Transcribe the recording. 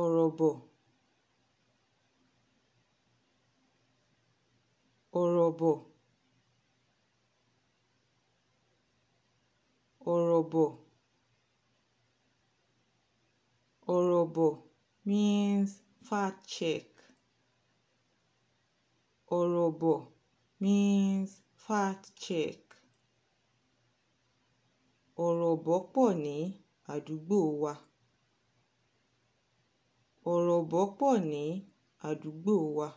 Orobo ụ̀rụ̀bụ̀ ụ̀rụ̀bụ̀ means fact check Orobo means fact check ní àdúgbò wa Ọ̀rọ̀ ò wọ́pọ̀ ní àdúgbò wa.